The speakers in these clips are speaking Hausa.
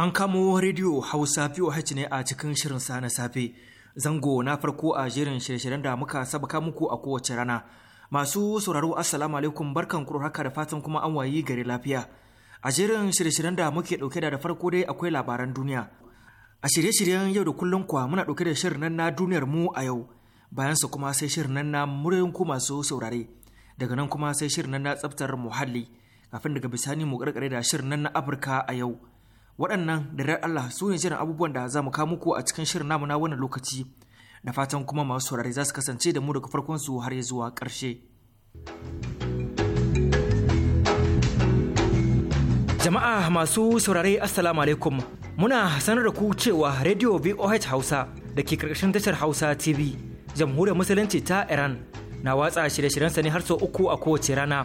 An kamo rediyo Hausa VOH ne a cikin shirin sa na safe. Zango na farko a jerin shirye-shiryen da muka sabaka muku a kowace rana. Masu sauraro Assalamu alaikum barkan kuro haka da fatan kuma an wayi gari lafiya. A jerin shirye-shiryen da muke dauke da da farko dai akwai labaran duniya. A shirye-shiryen yau da kullum kuwa muna dauke da shirin nan na duniyar mu a yau. Bayan su kuma sai shirin nan na muryoyin ku masu saurare. Daga nan kuma sai shirin nan na tsaftar muhalli. Kafin daga bisani mu karkare da shirin nan na Afirka a yau. waɗannan da Allah su ne jiran abubuwan da za mu kawo muku a cikin shirin namu na wannan lokaci da fatan kuma masu saurare za su kasance da mu daga farkon su har ya zuwa ƙarshe. Jama'a masu saurari, Assalamu alaikum muna sanar da ku cewa Radio VOH Hausa da ke karkashin tashar Hausa TV jamhuriyar musulunci ta Iran na watsa shirye sa ne har sau uku a kowace rana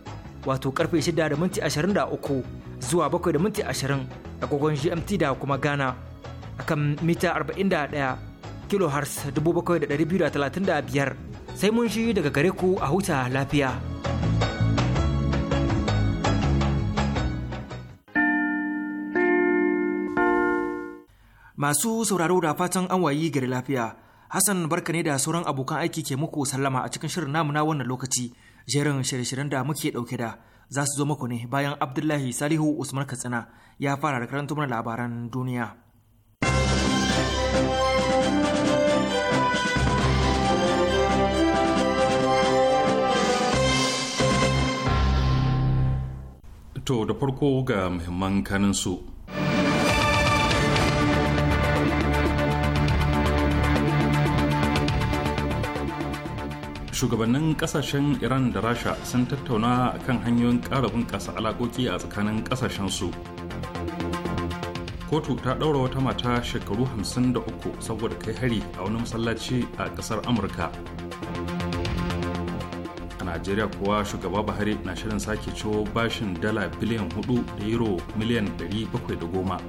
wato karfe 6:23 da minti 23 zuwa 7 da minti 20 agogon GMT da kuma Ghana kan mita 41 kilohertz 7,235 sai mun shi daga gare ku a huta lafiya. Masu sauraro da fatan an wayi gari lafiya, Hassan barka ne da sauran abokan aiki ke muku sallama a cikin shirin namu na wannan lokaci. jerin shirye-shiryen da muke ɗauke da za su zo muku ne bayan abdullahi salihu usman katsina ya fara da karanta mana labaran duniya to da farko ga muhimman kanin su shugabannin kasashen iran da rasha sun tattauna kan hanyoyin ƙara bunƙasa alaƙoƙi a tsakanin su. kotu ta ɗaura wata mata shekaru 53 saboda kai hari a wani masallaci a ƙasar amurka a najeriya kuwa shugaba buhari na shirin sake ciwo bashin dala biliyan 4 da euro miliyan 710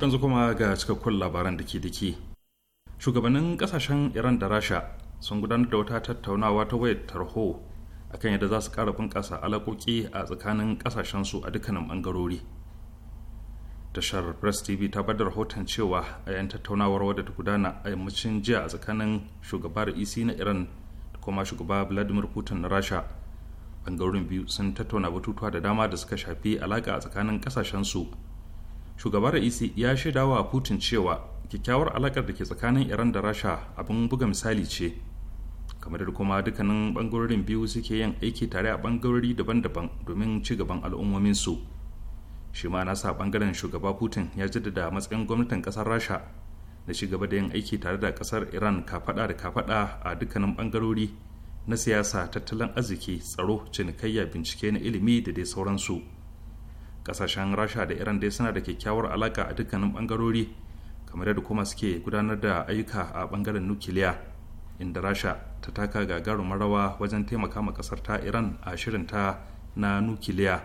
yanzu kuma ga cikakkun labaran da ke dake shugabannin kasashen iran da rasha sun gudanar da wata tattaunawa ta wayar tarho akan yadda za su kara bunƙasa alaƙoƙi a tsakanin kasashen su a dukkanin ɓangarori tashar press tv ta bada rahoton cewa a yayin tattaunawar wadda ta gudana a yammacin jiya a tsakanin shugaba ec na iran da kuma shugaba vladimir putin na rasha bangarorin biyu sun tattauna batutuwa da dama da suka shafi alaƙa a tsakanin ƙasashensu shugaba ec ya shaidawa putin cewa kyakkyawar alakar da ke tsakanin iran da rasha abin buga misali ce kamar da kuma dukkanin bangarorin biyu suke yin aiki tare a bangarori daban-daban domin ci gaban al'ummominsu shi ma nasa bangaren shugaba putin ya jaddada matsayin gwamnatin kasar rasha na ci gaba da yin aiki tare da kasar iran kafada da kafada a dukkanin bangarori na siyasa tattalin arziki tsaro cinikayya bincike na ilimi da dai sauransu kasashen rasha da iran dai suna da kyakkyawar alaka a dukkanin bangarori kamar yadda kuma suke gudanar da ayyuka a bangaren nukiliya inda rasha ta taka gagarumin rawa wajen taimaka ma kasar ta iran a shirinta na nukiliya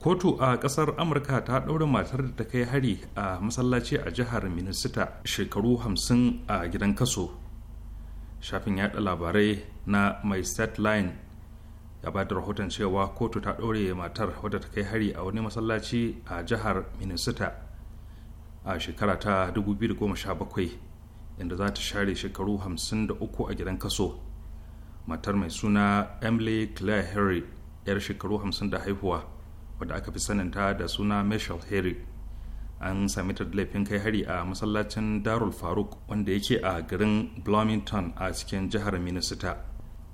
kotu a kasar amurka ta ɗaure matar da ta kai hari a masallaci a jihar minnesota shekaru 50 a gidan kaso shafin yada labarai na mai line ya ba da rahoton cewa kotu ta ɗaure matar wadda ta kai hari a wani masallaci a jihar minnesota a shekara ta 2017 inda za ta share shekaru 53 a gidan kaso matar mai suna emily claire harry yar shekaru 50 da haihuwa wadda aka fi saninta da suna michelle harry an sami ta da laifin kai hari a masallacin darul faruk wanda yake a garin bloomington a cikin jihar minnesota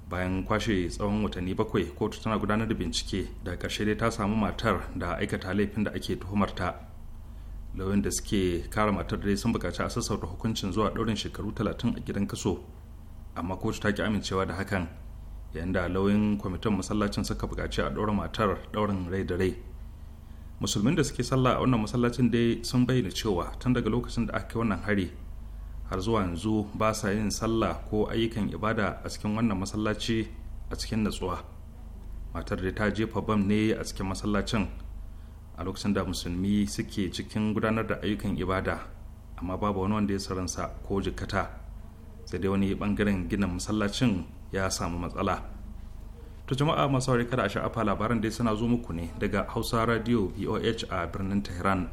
bayan kwashe tsawon watanni bakwai kotu tana gudanar da bincike da ƙarshe dai ta samu matar da aikata laifin da ake tuhumarta lauyan da suke kare matar dai sun bukaci a sassauta hukuncin zuwa ɗaurin shekaru talatin a gidan kaso amma kotu ta ki amincewa da hakan yayin da lauyin kwamitin masallacin suka bukaci a ɗaura matar ɗaurin rai da rai musulmin da suke sallah a wannan masallacin dai sun bayyana cewa tun daga lokacin da aka kai wannan hari har zuwa yanzu ba sa yin sallah ko ayyukan ibada a cikin wannan masallaci a cikin natsuwa matar da ta jefa bam ne a cikin masallacin a lokacin da musulmi suke cikin gudanar da ayyukan ibada amma babu wani wanda ya saransa ko jikata sai dai wani bangaren gina masallacin ya samu matsala ta jama'a masu aure kada a sha'afa labaran dai suna zo muku ne daga hausa radio voh a birnin tehran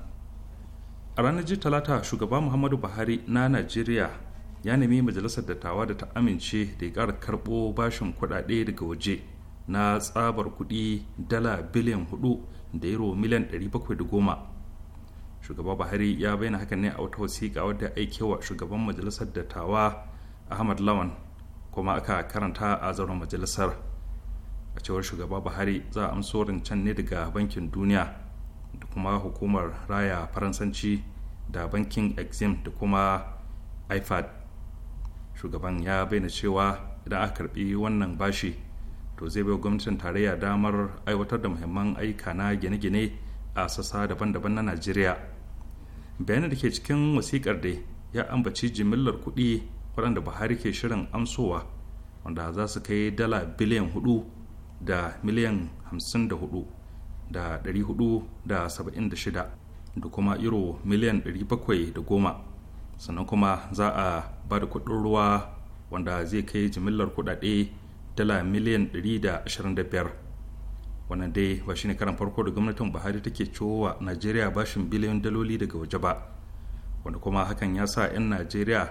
a ranar ji talata shugaba muhammadu buhari na najeriya ya nemi majalisar dattawa da ta amince da ya ƙara karɓo bashin kuɗaɗe daga waje na tsabar kuɗi dala biliyan hudu da euro miliyan 710 shugaba buhari ya bayyana hakan ne a wata wasiƙa wadda aike wa shugaban majalisar dattawa ahmad lawan kuma aka karanta a zauren majalisar a cewar shugaba buhari za a amso rancen ne daga bankin duniya da kuma hukumar raya faransanci da bankin exim da kuma ifad shugaban ya bayyana cewa idan aka karbi wannan bashi to zai baiwa gwamnatin tarayya damar aiwatar da muhimman aika na gine-gine a sassa daban-daban na najeriya bayanin da ke cikin wasikar da ya ambaci jimillar kuɗi waɗanda buhari ke shirin amsowa wanda za su kai dala biliyan hudu da miliyan hamsin da hudu da ɗari hudu da saba'in da shida da kuma iro miliyan ɗari bakwai da goma sannan kuma za a ba da kuɗin ruwa wanda zai kai jimillar kuɗaɗe dala miliyan 125 wannan dai ba shine karan farko da gwamnatin buhari take cowa najeriya bashin biliyan daloli daga waje ba wanda kuma hakan ya sa 'yan najeriya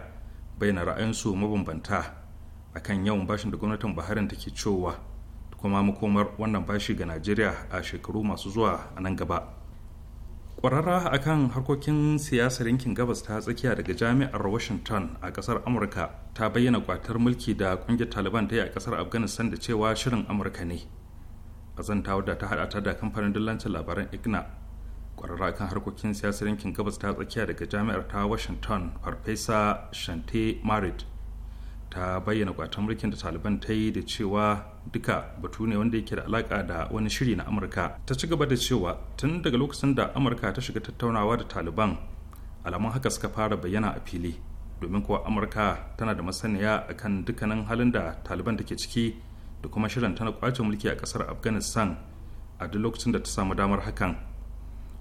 bayyana ra'ayinsu mabambanta a akan yawan bashin da gwamnatin buhari take cowa kuma makomar wannan bashi ga najeriya a shekaru masu zuwa a nan gaba kwararra a harkokin siyasar rinkin gabas ta tsakiya daga jami'ar washington a kasar amurka ta bayyana kwatar mulki da kungiyar taliban ta yi a kasar afghanistan da cewa shirin amurka ne a ta da ta hada da kamfanin dillancin labaran igna kwararra kan harkokin siyasar rinkin gabas ta tsakiya daga jami'ar ta washington farfesa shante marit ta bayyana kwatan mulkin da taliban ta yi da cewa duka batu ne wanda yake da alaka da wani shiri na amurka ta ci gaba da cewa tun daga lokacin da amurka ta shiga tattaunawa da taliban alamun haka suka fara bayyana a fili domin kuwa amurka tana da masaniya a kan dukkanin halin da taliban take ciki da kuma shirin tana kwace mulki a kasar afghanistan a duk lokacin da ta samu damar hakan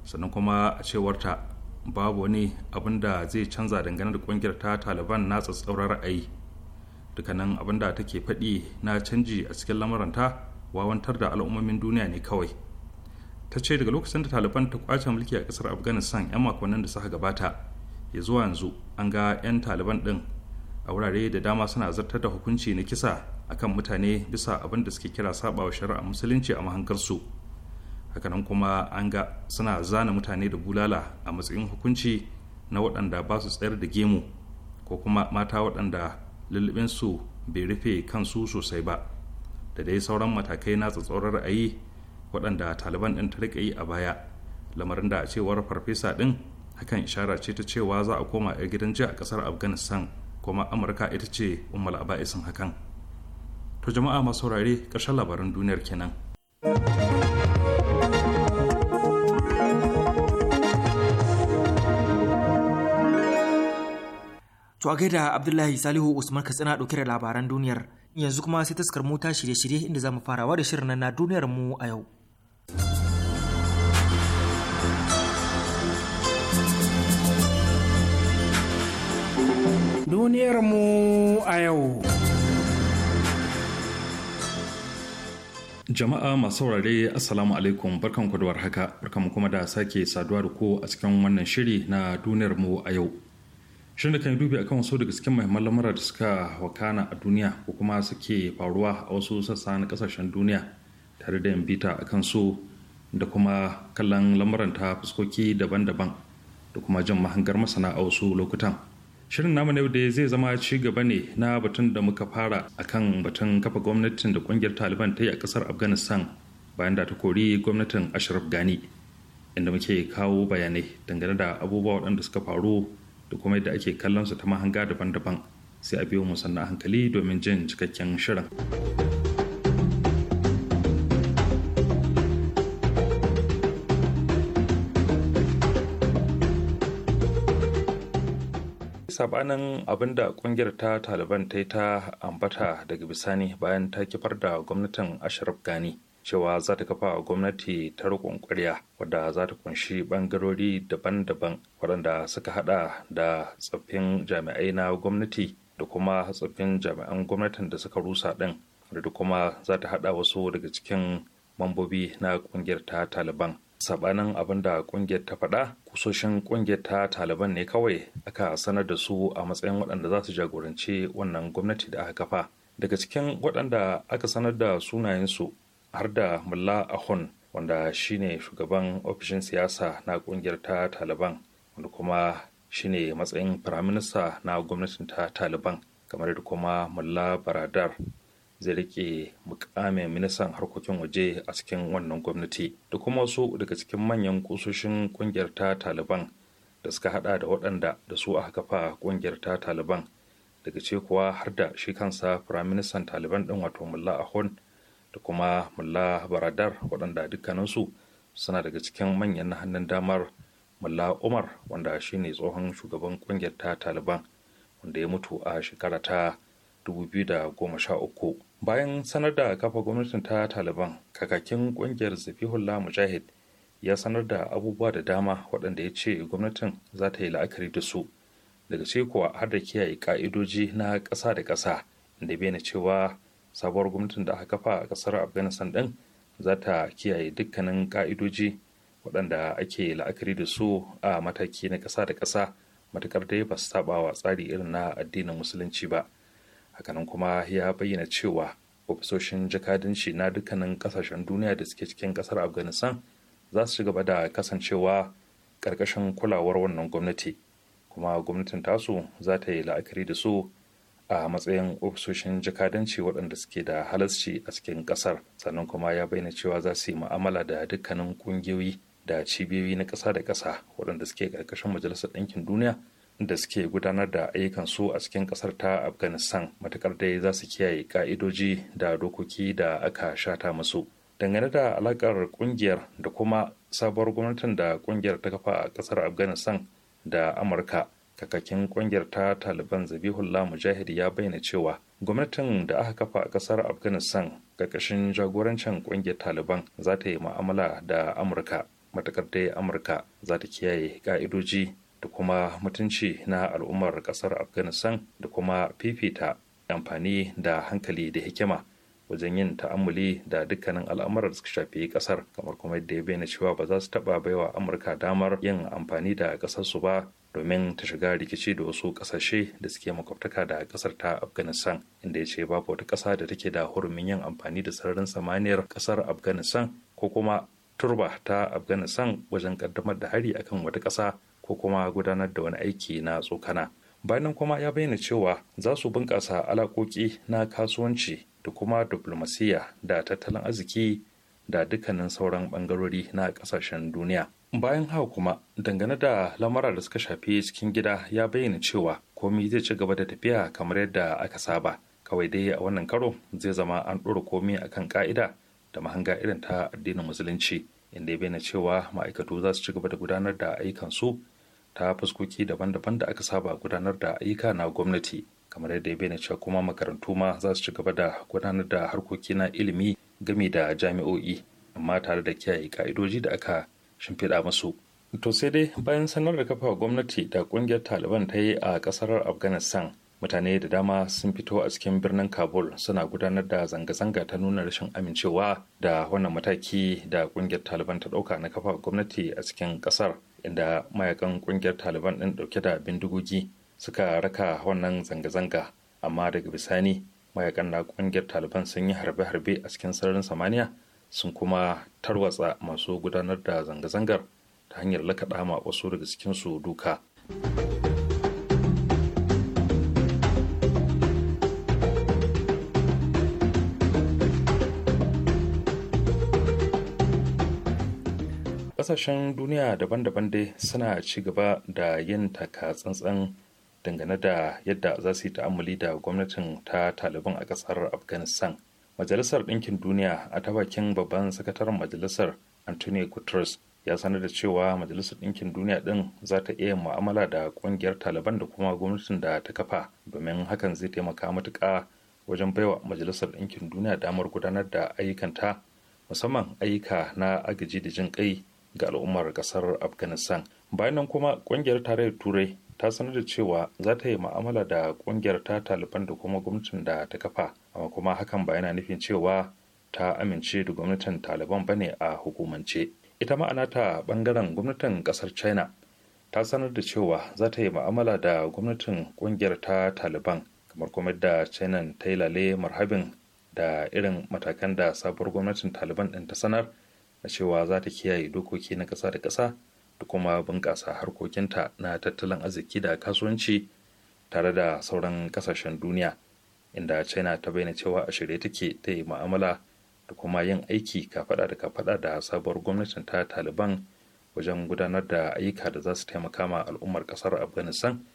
sannan kuma a cewarta babu wani abin da zai canza dangane da kungiyar ta taliban na tsatsauran ra'ayi dukkanin abin da take faɗi na canji a cikin lamuranta wawantar da al'ummomin duniya ne kawai ta ce daga lokacin da taliban ta kwace mulki a kasar afghanistan 'yan makonnin da suka gabata ya zuwa yanzu an ga 'yan taliban ɗin a wurare da dama suna zartar da hukunci na kisa akan mutane bisa abin da suke kira sabawa shari'a musulunci a mahangarsu hakanan kuma an ga suna zana mutane da bulala a matsayin hukunci na waɗanda ba su tsayar da gemu ko kuma mata waɗanda lulluɓinsu bai rufe kansu sosai ba da dai sauran matakai na tsatsauran ra'ayi waɗanda taliban ɗin ta riƙe yi a baya lamarin da a cewar farfesa ɗin hakan ishara ce ta cewa za a koma a gidan jiya a ƙasar afghanistan kuma amurka ita ce umar aba'isin hakan to jama'a masu saurare ƙarshen labarin duniyar kenan. To a gaida Abdullahi Salihu Usman Katsina ɗauke da labaran duniyar. Yanzu kuma sai taskar mota shirye-shirye inda za mu farawa da shirin na duniyar mu a yau. Duniyar mu a yau. Jama'a masu saurare Assalamu alaikum barkan da haka barkan kuma da sake saduwa da ku a cikin wannan shiri na duniyar mu a yau. shirin da kan yi dubi akan wasu daga cikin muhimman lamura da suka wakana a duniya ko kuma suke faruwa a wasu sassa na kasashen duniya tare da yambita bita kan su da kuma kallon lamuran ta fuskoki daban-daban da kuma jan mahangar masana a wasu lokutan shirin namu na da zai zama ci gaba ne na batun da muka fara akan batun kafa gwamnatin da kungiyar taliban ta yi a kasar afghanistan bayan da ta kori gwamnatin ashraf gani inda muke kawo bayanai dangane da abubuwa waɗanda suka faru da kuma yadda ake kallon su ta mahanga daban-daban sai a biyo mu sannan hankali domin jin cikakken shirin. sabanin abin da kungiyar ta taliban ta yi ta ambata daga bisani bayan ta kifar da gwamnatin ashraf gani cewa za ta kafa a gwamnati ta riƙon ƙwarya wadda za ta kunshi ɓangarori daban-daban waɗanda suka haɗa da tsoffin jami'ai na gwamnati da kuma tsoffin jami'an gwamnatin da suka rusa ɗin da kuma za ta haɗa wasu daga cikin mambobi na ƙungiyar ta taliban sabanin abin da ƙungiyar ta faɗa kusoshin ƙungiyar ta taliban ne kawai aka sanar da su a matsayin waɗanda za su jagoranci wannan gwamnati da aka kafa daga cikin waɗanda aka sanar da sunayensu har da mulla' ahun wanda shine shugaban ofishin siyasa na kungiyar ta taliban wanda kuma shine matsayin firaminista na gwamnatin ta taliban kamar da kuma mulla baradar zai rike mukamin ministan harkokin waje a cikin wannan gwamnati da kuma wasu daga cikin manyan kusoshin kungiyar ta taliban da suka hada da waɗanda da su aka kafa kungiyar ta taliban daga ce kuwa har da shi kansa firaministan taliban ɗin wato mulla ahun da kuma mulla baradar waɗanda dukkaninsu suna daga cikin manyan hannun damar mulla umar wanda shine tsohon shugaban ƙungiyar ta taliban wanda ya mutu a shekara ta 2013 bayan sanar da kafa gwamnatin ta taliban kakakin ƙungiyar zafihullah mujahid ya sanar da abubuwa da dama waɗanda ya ce gwamnatin za ta yi la'akari da su daga ce kuwa har da kiyaye ka'idoji na ƙasa da ƙasa inda bayyana cewa sabuwar gwamnatin da aka kafa a kasar afghanistan din za ta kiyaye dukkanin ka'idoji waɗanda ake la'akari da su a mataki na ƙasa da ƙasa matuƙar dai ba su taɓa wa tsari irin na addinin musulunci ba hakanan kuma ya bayyana cewa ofisoshin jakadanci na dukkanin ƙasashen duniya da suke cikin ƙasar afghanistan za su ci gaba da kasancewa ƙarƙashin kulawar wannan gwamnati kuma gwamnatin tasu za ta yi la'akari da su a matsayin ofisoshin jakadanci waɗanda suke da halasci a cikin ƙasar sannan kuma ya bayyana cewa za su yi mu'amala da dukkanin ƙungiyoyi da cibiyoyi na ƙasa da ƙasa waɗanda suke ƙarƙashin majalisar ɗinkin duniya da suke gudanar da ayyukan su a cikin ƙasar ta afghanistan matuƙar dai za su kiyaye ƙa'idoji da dokoki da aka shata musu dangane da alaƙar ƙungiyar da kuma sabuwar gwamnatin da ƙungiyar ta kafa a ƙasar afghanistan da amurka kakakin kungiyar ta taliban zabihullah mujahid ya bayyana cewa gwamnatin da aka kafa a kasar afghanistan ƙarƙashin jagorancin kungiyar taliban za ta yi ma'amala da amurka matakar dai amurka za ta kiyaye ka'idoji da kuma mutunci na al'ummar kasar afghanistan da kuma fifita amfani da hankali da hikima wajen yin ta'amuli da dukkanin al'amuran da suka shafi kasar kamar kuma yadda ya bayyana cewa ba za su taba baiwa amurka damar yin amfani da kasarsu ba domin ta shiga rikici da wasu kasashe da suke makwabtaka da kasar ta afghanistan inda ya ce babu wata kasa da take da hurumin yin amfani da sararin samaniyar kasar afghanistan ko kuma turba ta afghanistan wajen kaddamar da hari akan wata kasa ko kuma gudanar da wani aiki na tsokana bayan kuma ya bayyana cewa za su bunƙasa alaƙoƙi na kasuwanci da kuma diplomasiya da tattalin arziki da dukkanin sauran ɓangarori na ƙasashen duniya bayan hawa kuma dangane da lamura da suka shafi cikin gida ya bayyana cewa komi zai ci gaba da tafiya kamar yadda aka saba kawai dai a wannan karo zai zama an ɗora komi akan ka'ida da mahanga irin ta addinin musulunci inda ya bayyana cewa ma'aikatu za su ci gaba da gudanar da ayyukansu ta fuskoki daban-daban da aka saba gudanar da ayyuka na gwamnati kamar yadda ya bayyana cewa kuma makarantu ma za su ci gaba da gudanar da harkoki na ilimi game da jami'o'i amma tare da kiyaye ka'idoji da aka shimfiɗa musu to sai dai bayan sanar da kafa gwamnati da ƙungiyar taliban ta yi a ƙasar afghanistan mutane da dama sun fito a cikin birnin kabul suna gudanar da zanga-zanga ta nuna rashin amincewa da wannan mataki da ƙungiyar taliban ta ɗauka na kafa gwamnati a cikin ƙasar inda mayakan ƙungiyar taliban din ɗauke da bindigogi suka raka wannan zanga-zanga amma daga bisani mayakan na kungiyar taliban sun yi harbe-harbe a cikin sararin samaniya sun kuma tarwatsa masu gudanar da zanga-zangar ta hanyar lakaɗa ma wasu daga su duka. ƙasashen duniya daban-daban dai suna ci gaba da yin taka tsantsan dangane da yadda za su yi ta'amali da gwamnatin ta taliban a ƙasar afghanistan majalisar ɗinkin duniya a ta bakin babban sakataren majalisar antonio guterres ya sanar da cewa majalisar ɗinkin duniya ɗin za ta iya mu'amala da ƙungiyar taliban da kuma gwamnatin da ta kafa domin hakan zai taimaka matuƙa wajen baiwa majalisar ɗinkin duniya damar gudanar da ayyukanta musamman ayyuka na agaji da jin kai ga al'ummar ƙasar afghanistan bayan kuma ƙungiyar tarayyar turai ta sanar da cewa za ta yi ma'amala da kungiyar ta taliban da kuma gwamnatin da ta kafa amma kuma hakan ba yana nufin cewa ta amince da gwamnatin taliban ba ne a hukumance ita ma'ana ta bangaren gwamnatin kasar china ta sanar da cewa za ta yi ma'amala da gwamnatin kungiyar ta taliban kamar kuma da china ta yi lale marhabin da irin matakan da sabuwar gwamnatin taliban ɗin ta sanar na cewa za ta kiyaye dokoki na ƙasa da ƙasa da kuma bunƙasa harkokinta na tattalin arziki da kasuwanci tare da sauran ƙasashen duniya inda china ta bayyana cewa a shirye take ta yi ma'amala da kuma yin aiki kafaɗa da kafaɗa da sabuwar gwamnatin ta taliban wajen gudanar da ayyuka da za su taimaka ma al'ummar ƙasar afghanistan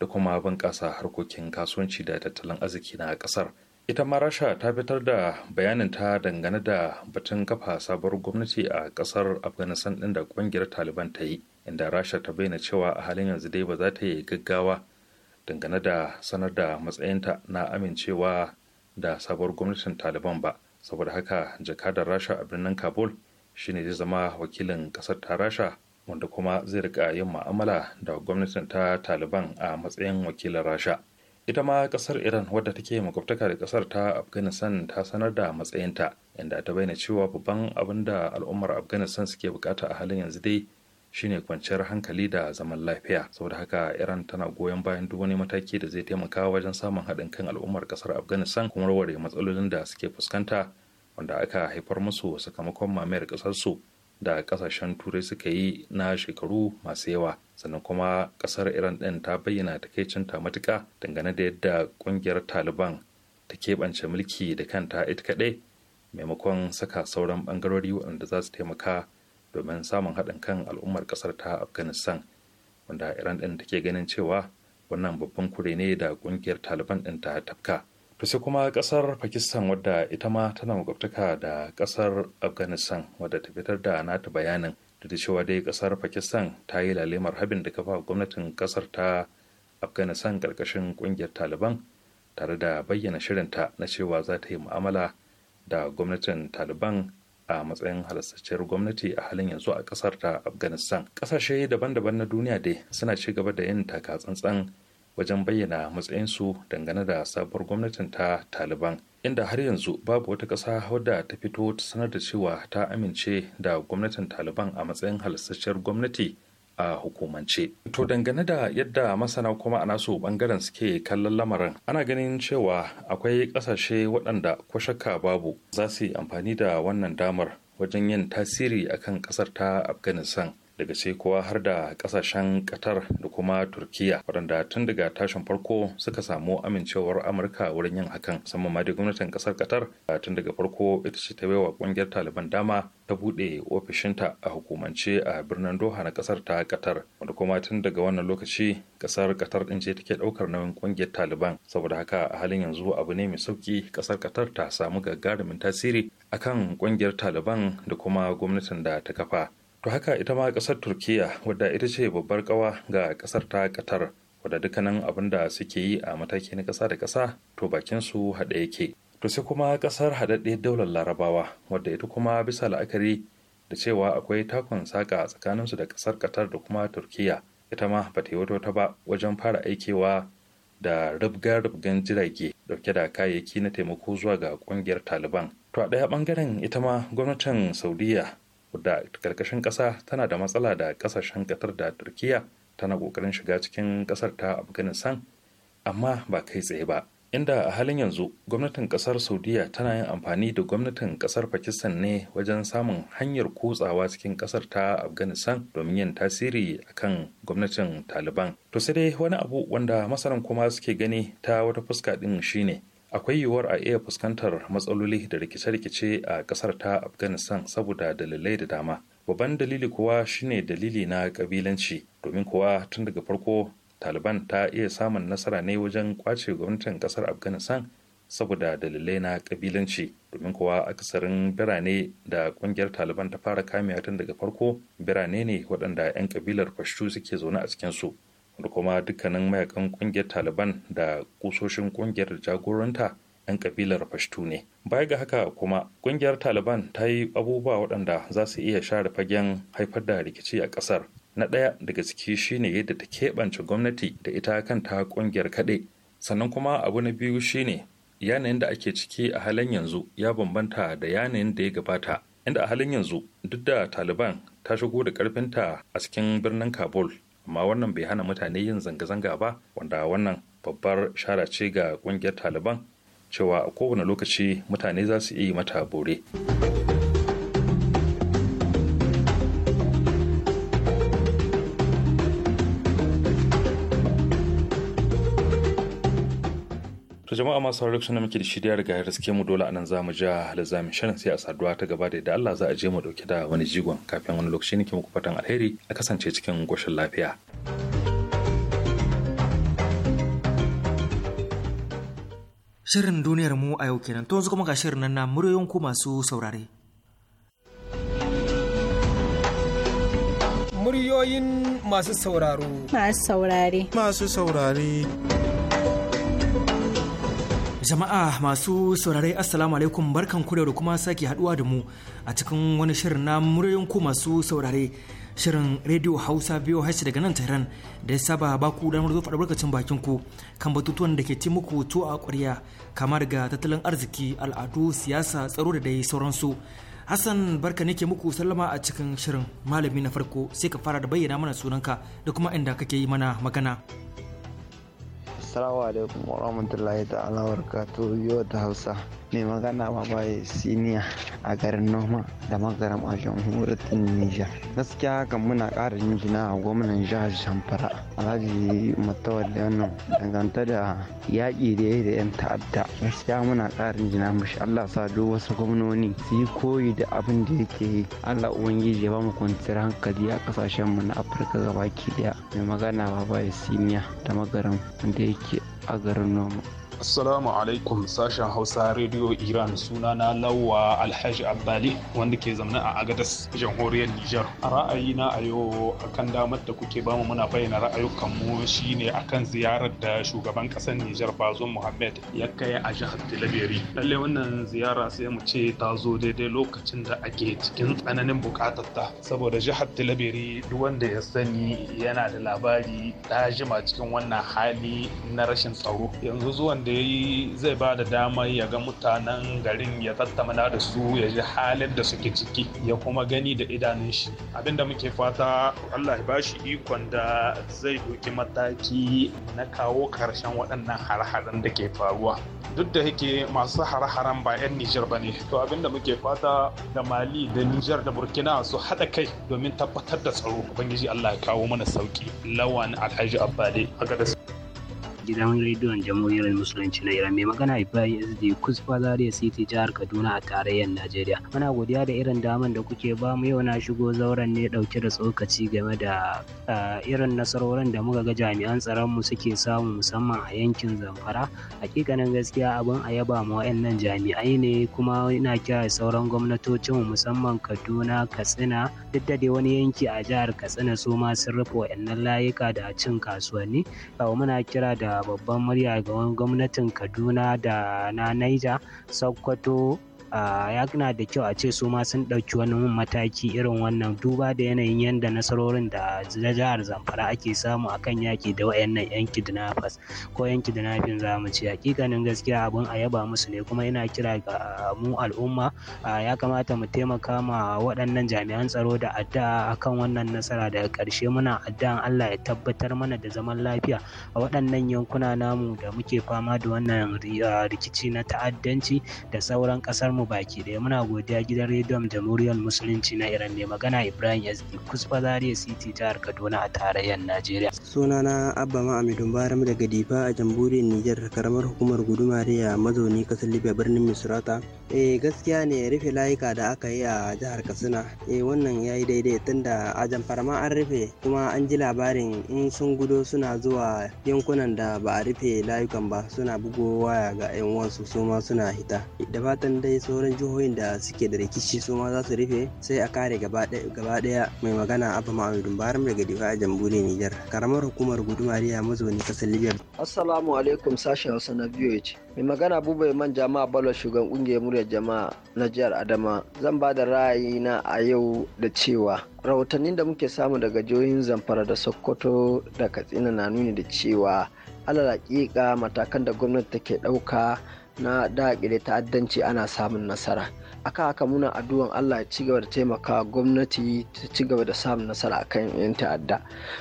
da kuma bunƙasa harkokin kasuwanci da tattalin arziki na ƙasar. ita ma rasha ta fitar da bayanin ta dangane da batun kafa sabuwar gwamnati a kasar afghanistan din da kungiyar taliban ta yi inda rasha ta bayyana cewa a halin yanzu dai ba za ta yi gaggawa dangane da sanar da matsayinta na amincewa da sabuwar gwamnatin taliban ba saboda haka jakadar rasha a birnin kabul shine zai zama wakilin kasar ta rasha wanda kuma zai rika yin ma'amala da gwamnatin ta taliban a matsayin wakilin rasha ita ma kasar iran wadda take makwabtaka da kasar ta afghanistan ta sanar da matsayinta inda ta bayyana cewa babban abin da al'ummar afghanistan suke bukata a halin yanzu dai shine kwanciyar hankali da zaman lafiya saboda haka iran tana goyon bayan duk wani mataki da zai taimaka wajen samun haɗin kan al'ummar kasar afghanistan kuma warware matsalolin da suke fuskanta wanda aka haifar musu sakamakon mamayar ƙasarsu. da kasashen turai suka yi na shekaru masu yawa sannan kuma kasar iran ɗin ta bayyana takaicinta matuka dangane da yadda ƙungiyar taliban ta keɓance mulki da kanta ita kaɗai maimakon saka sauran ɓangarori waɗanda za su taimaka domin samun haɗin kan al'ummar ƙasar ta afghanistan wanda iran ɗin take ganin cewa wannan babban kure ne da ƙungiyar taliban ɗin ta tafka to sai kuma kasar pakistan wadda ita ma tana makwabtaka da kasar afghanistan wadda ta fitar da nata bayanin da ta cewa dai kasar pakistan ta yi lalemar habin da kafa gwamnatin kasar ta afghanistan karkashin kungiyar taliban tare da bayyana shirinta na cewa za ta yi mu'amala da gwamnatin taliban a matsayin halastacciyar gwamnati a halin yanzu a kasar ta afghanistan kasashe daban-daban na duniya dai suna ci gaba da yin taka tsantsan wajen bayyana matsayinsu dangane da sabuwar gwamnatin ta taliban inda har yanzu babu wata ƙasa wadda ta fito ta sanar da cewa ta amince da gwamnatin taliban a matsayin halastacciyar gwamnati a hukumance. To dangane da yadda masana kuma a nasu bangaren suke kallon lamarin ana ganin cewa akwai ƙasashe waɗanda ko shakka babu za su yi amfani da wannan damar wajen yin tasiri akan ƙasar ta Afghanistan daga sai kowa har da kasashen qatar da kuma turkiya waɗanda tun daga tashin farko suka samu amincewar amurka wurin yin hakan musamman ma da gwamnatin kasar qatar tun daga farko ita ce ta bai wa ƙungiyar taliban dama ta buɗe ofishinta a hukumance a birnin doha na kasar ta qatar wanda kuma tun daga wannan lokaci kasar qatar din ce take ɗaukar nauyin ƙungiyar taliban saboda haka a halin yanzu abu ne mai sauƙi ƙasar qatar ta samu gagarumin tasiri akan ƙungiyar taliban da kuma gwamnatin da ta kafa to haka ita ma kasar turkiya wadda ita ce babbar kawa ga kasar ta qatar wadda dukkanin abin da suke yi a mataki na kasa da kasa to bakin su haɗe yake to sai kuma ƙasar haɗaɗɗe daular larabawa wadda ita kuma bisa la'akari da cewa akwai takon saka su da ƙasar qatar da kuma turkiyya ita ma ba ta yi wata wata ba wajen fara aikewa da rubga-rubgan jirage dauke da kayayyaki na taimako zuwa ga kungiyar taliban to a ɗaya bangaren ita ma gwamnatin saudiya da karkashin ƙasa tana da matsala da ƙasashen ƙatar da turkiya tana ƙoƙarin shiga cikin ƙasar ta afghanistan amma ba kai tsaye ba inda a halin yanzu gwamnatin ƙasar saudiya tana yin amfani da gwamnatin ƙasar pakistan ne wajen samun hanyar kutsawa cikin ƙasar ta afghanistan domin yin tasiri akan gwamnatin taliban to sai dai wani abu wanda masaran kuma suke gani ta wata fuska ɗin shine akwai yiwuwar a iya fuskantar matsaloli da rikice-rikice a kasar ta afghanistan saboda dalilai da dama babban dalili kuwa shine dalili na kabilanci domin kuwa tun daga farko taliban ta iya samun nasara ne wajen kwace gwamnatin kasar afghanistan saboda dalilai na kabilanci domin kuwa akasarin birane da kungiyar taliban ta fara kamewa tun daga farko birane ne waɗanda 'yan kabilar fashtu suke zaune a cikinsu da kuma dukkanin mayakan kungiyar taliban da kusoshin kungiyar jagoranta 'yan kabilar fashtu ne baya ga haka kuma kungiyar taliban ta yi abubuwa waɗanda za su iya share fagen haifar da rikici a ƙasar na ɗaya daga ciki shine yadda ta keɓance gwamnati da ita kanta kungiyar kaɗe sannan kuma abu na biyu shine yanayin da ake ciki a halin yanzu ya bambanta da yanayin da ya gabata inda a halin yanzu duk da taliban ta shigo da karfinta a cikin birnin kabul amma wannan bai hana mutane yin zanga-zanga ba wanda wannan babbar shara ce ga kungiyar taliban cewa a kowane lokaci mutane za su iya mata bore. to jama'a masu sauraron sunan da muke da shirya riga ya riske mu dole anan zamu ja lazamin shirin sai a saduwa ta gaba da Allah za a je mu dauke da wani jigon kafin wani lokaci ne ke muku fatan alheri a kasance cikin goshin lafiya. Shirin duniyar mu a yau kenan to yanzu kuma ga shirin nan na muryoyin ku masu saurare. Muryoyin masu sauraro. Masu saurare. Masu saurare. Jama'a masu saurare Assalamu alaikum barkan kure da kuma sake haduwa da mu a cikin wani shirin na muryoyin ku masu saurare shirin Radio Hausa biyu hashi daga nan Tehran da ya saba baku damar zo faɗa bakin ku kan batutuwan da ke ci muku to a ƙwarya kamar ga tattalin arziki al'adu siyasa tsaro da dai sauransu. Hassan barka ke muku sallama a cikin shirin malami na farko sai ka fara da bayyana mana sunanka da kuma inda kake yi mana magana. Assalamu alaikum wa rahmatullahi ta'ala wa barakatuhu yau ta Hausa. mai magana bai siniya a garin noma da magaram a jamhuriyar tunisia gaskiya kan muna ƙara jina a gwamnan jihar zamfara alhaji matawar da wannan danganta da yaƙi da yayi da yan ta'adda gaskiya muna ƙara jingina mashi allah sa duk wasu gwamnoni su yi koyi da abin da yake yi allah ubangiji ya ba mu kwanciyar hankali a kasashen mu na afirka gabaki daya mai magana bai siniya da magaram wanda yake a garin noma Assalamu alaikum sashen Hausa Radio Iran suna na Lawa Alhaji Abdali wanda ke zamana a Agadas jamhuriyar Nijar. Ra'ayi na a yau akan damar da kuke bamu muna bayyana mu shine akan ziyarar da shugaban ƙasar Nijar Bazoum muhammed ya kai a jihar Talabiri. Lalle wannan ziyara sai mu ce ta zo daidai lokacin da ake cikin tsananin buƙatar ta saboda jihar Talabiri duk wanda ya sani yana da labari ɗajima cikin wannan hali na rashin tsaro. Yanzu zuwan da ya yi zai ba da dama ya ga mutanen garin ya tattamana da su ya ji halin da suke ciki ya kuma gani da idanun shi abinda muke fata allah ya bashi ikon da zai doki mataki na kawo karshen waɗannan har-haren da ke faruwa duk da yake masu har-haren ba 'yan nijar ba ne to abinda muke fata da mali da nijar da burkina su haɗa kai domin tabbatar da tsaro ubangiji allah ya kawo mana sauki lawan alhaji abbade a gidan rediyon jamhuriyar musulunci na iran mai magana ibrahim sd kusfa zaria city jihar kaduna a tarayyar najeriya muna godiya da irin daman da kuke ba mu yau na shigo zauren ne dauke da tsokaci game da irin nasarorin da muka ga jami'an tsaron mu suke samu musamman a yankin zamfara hakikanin gaskiya abin a yaba mu wayannan jami'ai ne kuma ina kira sauran gwamnatocin musamman kaduna katsina duk da dai wani yanki a jihar katsina su ma sun rufe wayannan layuka da cin kasuwanni muna kira da babbar babban murya ga gwamnatin kaduna da na niger sokoto ya na da kyau a ce su ma sun ɗauki wani mataki irin wannan duba da yanayin yadda nasarorin da na jihar zamfara ake samu a kan yaki da wayannan yan kidnappers ko yan kidnapping za mu ce hakikanin gaskiya abun a yaba musu ne kuma yana kira ga mu al'umma ya kamata mu taimaka ma waɗannan jami'an tsaro da addu'a kan wannan nasara daga ƙarshe muna addu'an Allah ya tabbatar mana da zaman lafiya a waɗannan yankuna namu da muke fama da wannan rikici na ta'addanci da sauran ƙasar mu baki ɗaya muna godiya gidan rediyon jamhuriyar musulunci na iran ne magana ibrahim sd kusfa zaria city jihar kaduna a tarayyar najeriya sunana abba ma'amidun baram daga difa a jamhuriyar niger karamar hukumar gudumariya mazauni kasar libya birnin misrata eh gaskiya ne rufe layuka da aka yi a jihar katsina eh wannan ya yi daidai tunda a jamfara ma an rufe kuma an ji labarin in sun gudo suna zuwa yankunan da ba a rufe layukan ba suna bugowa ga 'yan uwansu su ma suna hita da fatan dai sauran jihohin da suke da rikici su ma za su rufe sai a kare gaba daya mai magana abu ma'amudin baram daga difa a jamhuriyar nijar karamar hukumar gudumariya mazauni kasar libya assalamu alaikum sashen hausa na voh mai magana abubuwa man jama'a balo shugaban kungiyar muryar jama'a na jihar adama zan ba da ra'ayina a yau da cewa rahotannin da muke samu daga jihohin zamfara da sokoto da katsina na nuni da cewa alal matakan da gwamnati take ɗauka na daƙile ta'addanci ana samun nasara akan haka muna addu'an Allah ya ci gaba da taimaka gwamnati ta ci gaba da samun nasara akan 'yan ta'adda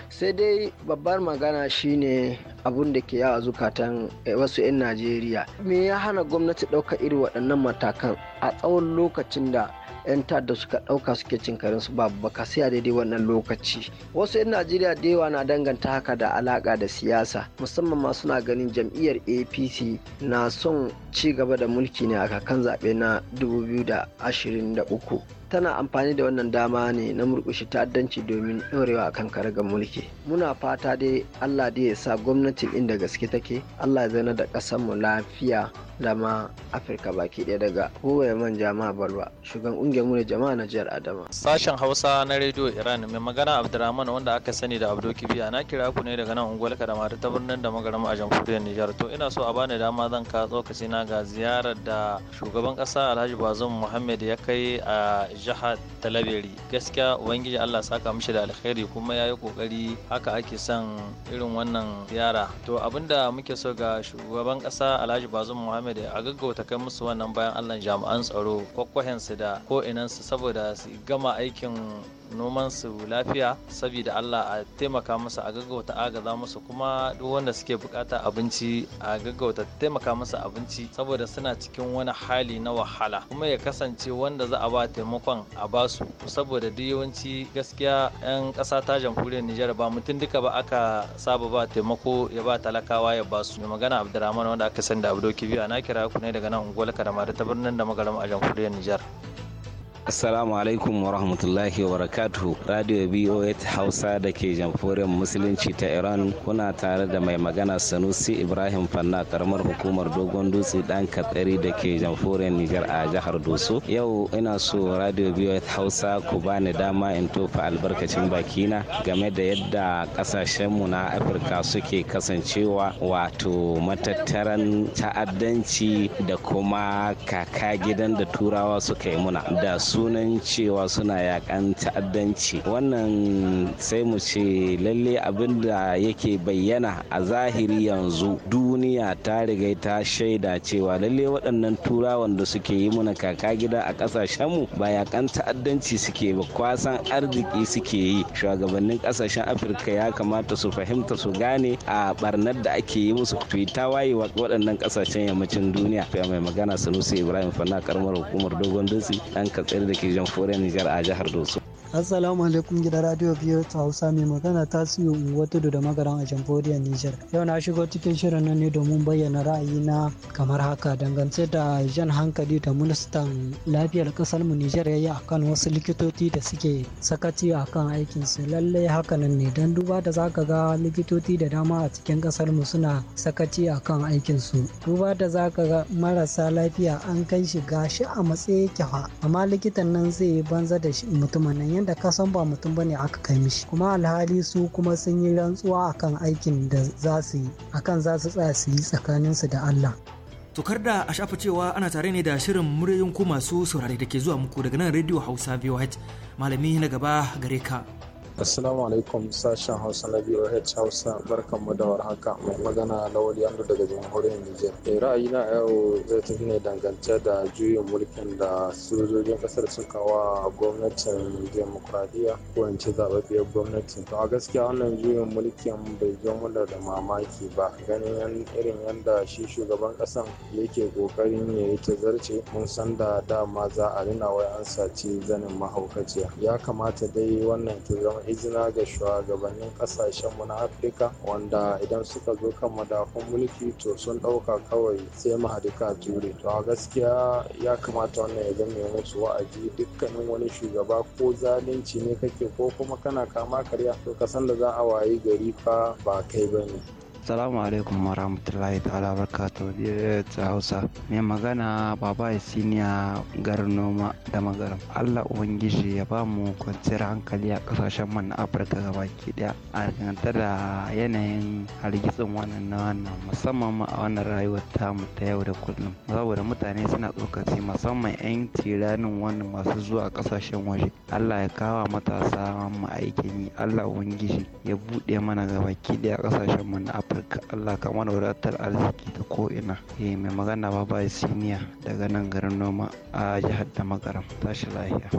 sai dai babbar magana shine abun da ke yawa zukatan eh, wasu 'yan najeriya me ya hana gwamnati ɗauka iri waɗannan matakan a tsawon lokacin da 'yan da suka ɗauka suke cin karin su babu baka sai a daidai wannan lokaci wasu 'yan najeriya da yawa na danganta haka da alaka da siyasa musamman ma suna ganin jam'iyyar apc na son ci gaba da mulki ne a kakan zaɓe na 2023 tana amfani da wannan dama ne na murkushe ta'addanci domin ɗorewa a kan karagar mulki muna fata dai allah dai ya sa gwamnatin inda gaske take allah ya zana da ƙasarmu lafiya da ma afirka baki ɗaya daga huwaye man jama'a balwa shugaban ƙungiyar mu jama'a na jihar adama sashen hausa na rediyo iran mai magana abdurrahman wanda aka sani da abdo kibiya na kira ku ne daga nan unguwar kadamari ta birnin da magarama a jamhuriyar nijar to ina so a bani dama zan ka tsokaci na ga ziyarar da shugaban kasa alhaji bazum muhammad ya kai a jihar talabiri gaskiya ubangiji allah saka mishi da alkhairi kuma ya yi kokari haka ake son irin wannan ziyara to abinda muke so ga shugaban ƙasa alhaji bazum muhammad Muhammad a gaggauta kai musu wannan bayan Allah jami'an tsaro kwakwahensu da ko inansu saboda su gama aikin noman su lafiya saboda Allah a taimaka musu a gaggauta agaza musu kuma duk wanda suke bukata abinci a gaggauta taimaka musu abinci saboda suna cikin wani hali na wahala kuma ya kasance wanda za a ba taimakon a basu su saboda duk yawanci gaskiya 'yan ƙasa ta jamhuriyar Nijar ba mutum duka ba aka saba ba taimako ya ba talakawa ya basu su magana Abdurrahman wanda aka sanda Abdoki biya na kira ku ne daga nan unguwar Kadamari ta birnin da magaram a jamhuriyar Nijar. Assalamu alaikum wa rahmatullahi wa barakatuhu. Radio BOA Hausa da ke jamhuriyar Musulunci ta Iran kuna tare da mai magana Sanusi Ibrahim Fanna karamar hukumar Dogon Dutse dan Katsari da ke jamhuriyar Nijar a jihar Doso. Yau ina so Radio BOA Hausa ku bani dama in tofa albarkacin bakina game da yadda kasashenmu na Afirka suke kasancewa wato matattaran ta'addanci da kuma kaka gidan da turawa suka yi muna da su sunan cewa suna yakan ta'addanci wannan sai mu ce lalle abin da yake bayyana a zahiri yanzu duniya ta riga ta shaida cewa lalle waɗannan turawan da suke yi muna kaka gida a ƙasashenmu ba yakan ta'addanci suke ba kwasan arziki suke yi shugabannin ƙasashen afirka ya kamata su fahimta su gane a barnar da ake yi musu fita waye waɗannan ƙasashen yammacin duniya mai magana sanusi ibrahim fana karamar hukumar dogon dutse ɗan katsir da ke jamhuriyar Nijar a jihar Doso. Assalamu alaikum gidan radio biyu ta Hausa mai magana ta siyo Uwatudu da magaran a jamhuriyar Nijar. Yau na shigo cikin shirin nan ne domin bayyana ra'ayina kamar haka dangance da jan hankali da ministan lafiyar kasar mu Nijar yayi akan wasu likitoci da suke sakaci akan aikin su lalle hakanan ne dan duba da zaka ga likitoci da dama a cikin kasar mu suna sakaci akan aikin su. Duba da zaka ga marasa lafiya an kai shi gashi a matsayin yake amma likitan nan zai banza da mutumin nan wanda ka san ba mutum bane aka kai mishi kuma alhali su kuma sun yi rantsuwa akan aikin da za su yi akan za su tsaya su yi su da Allah tokar da a shafa cewa ana tare ne da shirin muryoyin ku masu saurare da ke zuwa muku daga nan radio hausa voh malami na gaba gare ka Assalamu alaikum sashen Hausa na BOH Hausa Barkan mu da warhaka mai magana na wani yanzu daga jamhuriyar Nijar. Eh, ra'ayi na yau zai tafi ne dangance da juyin mulkin da sojojin kasar suka wa gwamnatin demokuraɗiyya ko in ce zaɓaɓɓiyar gwamnati. To a gaskiya wannan juyin mulkin bai zo mana da mamaki ba ganin irin yadda shi shugaban ƙasan yake ƙoƙarin ya yi tazarce mun san da dama za a rina wai an saci zanin mahaukaciya. Ya kamata dai wannan ta zama izina ga shugabannin kasashenmu na afirka wanda idan suka zo kan madafun mulki to sun ɗauka kawai sai mahadika ture to a gaskiya ya kamata wannan ya zama musu wa'azi dukkanin wani shugaba ko zalunci ne kake ko kuma kana kama karya to ka san da za a wayi gari fa ba kai bane Assalamu alaikum wa ta'ala barkatu ta Hausa. Mai magana baba ya siniya garin noma da magaram. Allah Ubangiji ya ba mu kwanciyar hankali a kasashen man Afirka gaba ke daya. A danganta da yanayin hargitsin wannan na wannan musamman ma a wannan rayuwar tamu ta yau da kullum. Saboda mutane suna tsokaci musamman 'yan tiranin wannan masu zuwa kasashen waje. Allah ya kawo matasa mu aikin yi. Allah Ubangiji ya buɗe mana gaba ke daya kasashen man Afirka. ƙasar ka Allah ka mana wadatar arziki ta ko'ina ina eh mai magana ba ba siniya daga nan garin noma a jihar da magaram tashi lahiya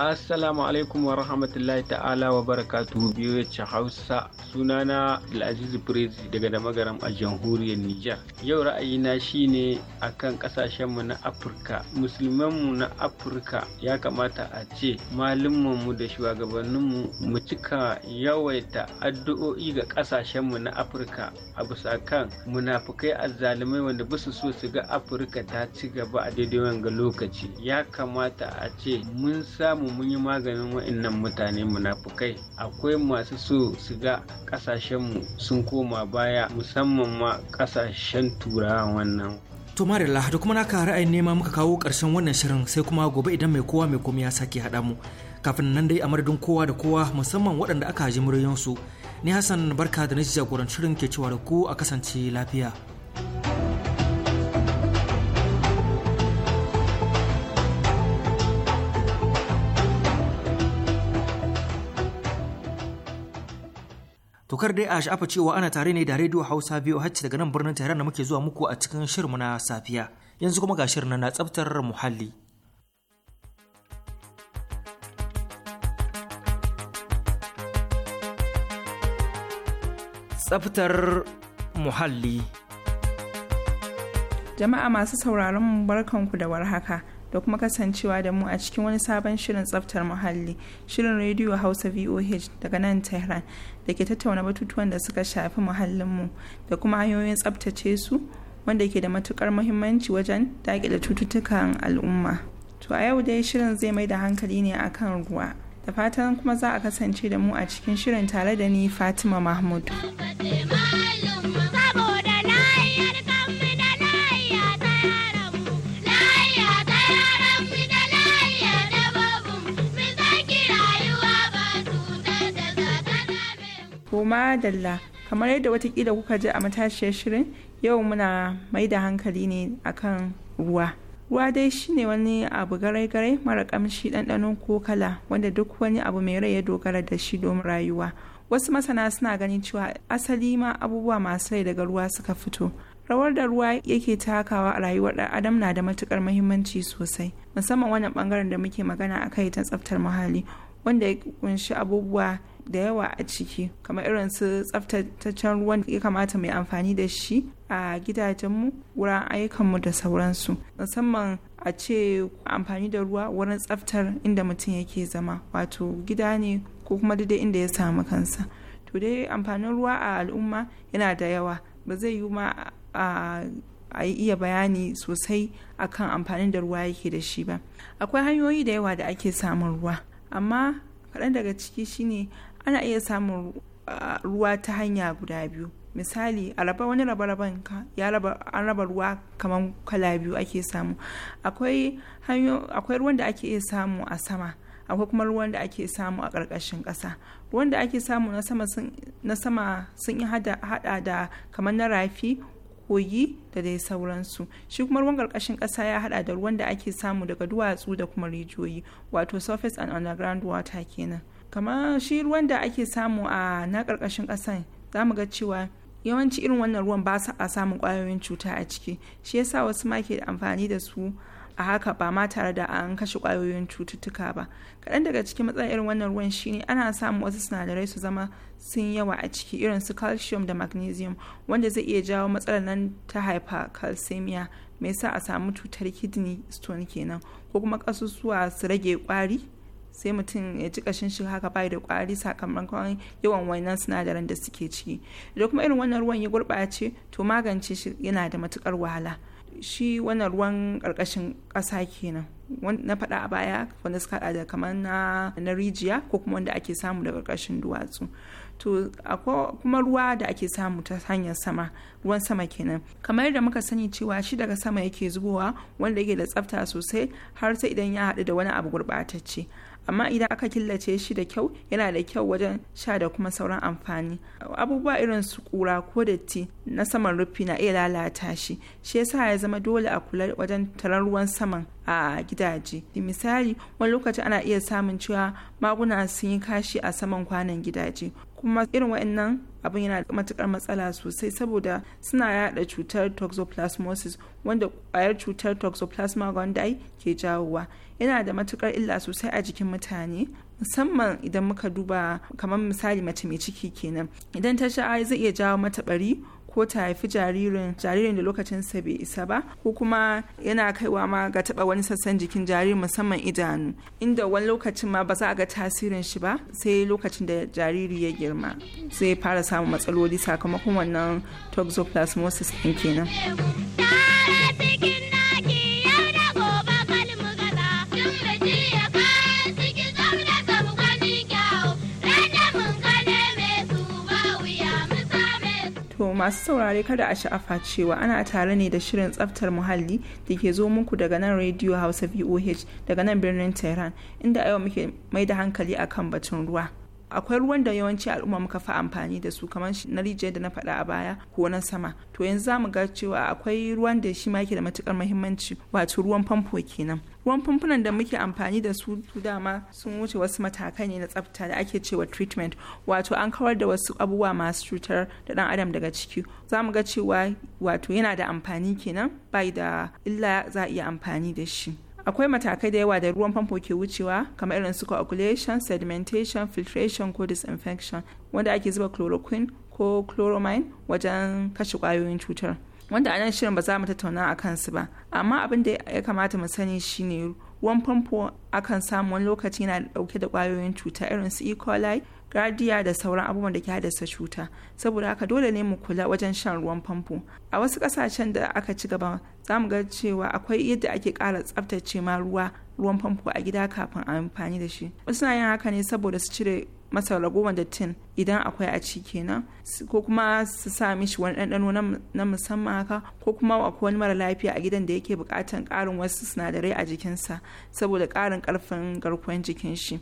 Assalamu alaikum wa rahmatullahi ta'ala wa barakatuhu biyu ya Hausa sunana Al'aziz Prezi daga da magaram a jamhuriyar Nijar. Yau ra'ayina shine akan kasashenmu na Afirka, musulmanmu na Afirka ya kamata a ce malumanmu da shugabanninmu mu cika yawaita addu'o'i ga kasashenmu na Afirka a bisa kan munafukai azzalumai wanda ba su so su ga Afirka ta ci gaba a daidai wanga lokaci. Ya kamata a ce mun samu mun yi maganin wa'annan mutane munafukai akwai masu so su ga kasashenmu sun koma baya musamman ma kasashen turawa wannan to marilla da kuma naka ra'ayin nema muka kawo karshen wannan shirin sai kuma gobe idan mai kowa mai komai ya sake haɗa mu kafin nan dai a madadin kowa da kowa musamman waɗanda aka ji muryansu ni hassan barka da na jagorancin shirin ke cewa da ku a kasance lafiya Tokar dai a sha'afa cewa ana tare ne da rediyo Hausa biyu hacci daga nan birnin Tehran da muke zuwa muku a cikin shirinmu na safiya. Yanzu kuma ga shirin na tsaftar muhalli. Tsaftar muhalli. Jama'a masu sauraron barkan barkanku da warhaka. da kuma kasancewa da mu a cikin wani sabon shirin tsaftar muhalli shirin rediyo hausa voh daga nan tehran da ke tattauna batutuwan da suka shafi muhallinmu da kuma hanyoyin tsabtace su wanda ke da matukar muhimmanci wajen daƙile cututtukan al'umma. To a yau dai shirin zai mai da hankali ne akan ruwa. Da fatan kuma za a kasance da mu a cikin shirin tare da ni Fatima Mahmud. To madalla kamar yadda watakila kuka ji a matashiyar shirin yau muna mai da hankali ne akan ruwa. Ruwa dai shine wani abu garai-garai mara kamshi ɗanɗano ko kala wanda duk wani abu mai rai ya dogara da shi domin rayuwa. Wasu masana suna ganin cewa asali ma abubuwa masu rai daga ruwa suka fito. rawar da ruwa yake takawa a rayuwar ɗan adam na da matukar mahimmanci sosai musamman wannan bangaren da muke magana a kai ta tsaftar muhalli wanda ya kunshi abubuwa da yawa a ciki kamar irin su tsaftataccen ruwan ya kamata mai amfani da shi a gidajenmu wurin ayyukanmu da sauransu musamman a ce amfani da ruwa wurin tsaftar inda mutum yake zama wato gida ne ko kuma daidai inda ya samu kansa to dai amfanin ruwa a al'umma yana da yawa ba zai yi ma a yi iya bayani sosai akan amfanin da ruwa yake da shi ba akwai hanyoyi da yawa da ake samun ruwa amma kaɗan daga ciki shine ana iya samun ruwa ta hanya guda biyu misali a raba wani raban ka ya raba an raba ruwa kamar kala biyu ake samu akwai akwai ruwan da ake iya samu a sama akwai kuma ruwan da ake samu a ƙarƙashin kasa ruwan da ake samu na sama sun yi hada da kamar na rafi kogi da dai sauransu shi kuma ruwan ƙarƙashin ƙasa ya hada da ruwan da ake samu daga duwatsu da kuma rijiyoyi wato surface and underground water kenan kamar shi ruwan da ake samu a na karkashin kasan za mu ga cewa yawanci irin wannan ruwan ba a samun kwayoyin cuta a ciki shi yasa wasu ma ke amfani da su a haka ba ma tare da an kashe kwayoyin cututtuka ba kaɗan daga cikin matsalar irin wannan ruwan shine ana samun wasu sinadarai su zama sun yawa a ciki irin su calcium da magnesium wanda zai iya jawo matsalar nan ta hypercalcemia mai sa a samu cutar kidney stone kenan ko kuma ƙasusuwa su rage kwari. sai mutum ya ji kashin shi haka bai da kwari sakamakon yawan wannan sinadaran da suke ciki da kuma irin wannan ruwan ya gurɓace to magance shi yana da matukar wahala shi wannan ruwan ƙarƙashin ƙasa kenan na faɗa a baya wanda suka haɗa da kamar na rijiya ko kuma wanda ake samu daga ƙarƙashin duwatsu to akwai kuma ruwa da ake samu ta hanyar sama ruwan sama kenan kamar da muka sani cewa shi daga sama yake zubowa wanda yake da tsafta sosai har sai idan ya haɗu da wani abu gurɓatacce amma idan aka killace shi da kyau yana da kyau wajen sha da kuma sauran amfani abubuwa irin su kura ko datti na saman rufi na iya lalata shi shi yasa ya zama dole a kula wajen tarar ruwan saman a gidaje misali wani lokaci ana iya samun cewa maguna sun yi kashi a saman kwanan gidaje kuma irin waɗannan abin yana da matukar matsala sosai saboda suna yada cutar toxoplasmosis wanda kwayar cutar toxoplasma gondii ke jawowa yana da matukar illa sosai a jikin mutane musamman idan muka duba kamar misali mace mai ciki kenan idan ta sha zai iya jawo mata bari ko ta haifi jaririn jaririn da lokacin sa bai isa ba ko kuma yana kaiwa ma ga taba wani sassan jikin jaririn musamman idanu inda wani lokacin ma ba za a ga tasirin shi ba sai lokacin da jariri ya girma sai fara samun matsaloli sakamakon wannan toxoplasmosis din kenan. masu saurare kada a sha'afa cewa ana tare ne da shirin tsaftar muhalli da ke zo muku daga nan radio hausa voh daga nan birnin tehran inda a yau muke mai da hankali akan batun ruwa akwai ruwan da yawanci al'umma muka fi amfani da su kamar na rijiyar da na faɗa a baya ko na sama to yanzu za mu ga cewa akwai ruwan da shi ma yake da matukar muhimmanci wato ruwan famfo kenan ruwan famfunan da muke amfani da su dama sun wuce wasu matakai ne na tsafta da ake cewa treatment wato an kawar da wasu abubuwa masu cutar da dan adam daga ciki za mu ga cewa wato yana da amfani kenan bai da illa za a iya amfani da shi akwai matakai da yawa da ruwan famfo ke wucewa kamar irin su coagulation sedimentation filtration ko disinfection wanda ake zuba chloroquine ko chloramine wajen kashe kwayoyin cutar wanda anan shirin ba za mu tattauna a kansu ba amma abin da ya kamata mu sani shine ruwan famfo akan samu wani lokaci yana dauke da kwayoyin cuta irin su e. coli gardiya da sauran abubuwan da ke haddasa cuta saboda haka dole ne mu kula wajen shan ruwan famfo a wasu kasashen da aka ci gaba za mu ga cewa akwai yadda ake kara tsaftace ma ruwa ruwan famfo a gida kafin a amfani da shi wasu na yin haka ne saboda su cire masa ragowar dattin idan akwai a ci kenan ko kuma su sa mishi wani ɗanɗano na musamman haka ko kuma akwai wani mara lafiya a gidan da yake buƙatan ƙarin wasu sinadarai a jikinsa saboda ƙarin ƙarfin garkuwar jikin shi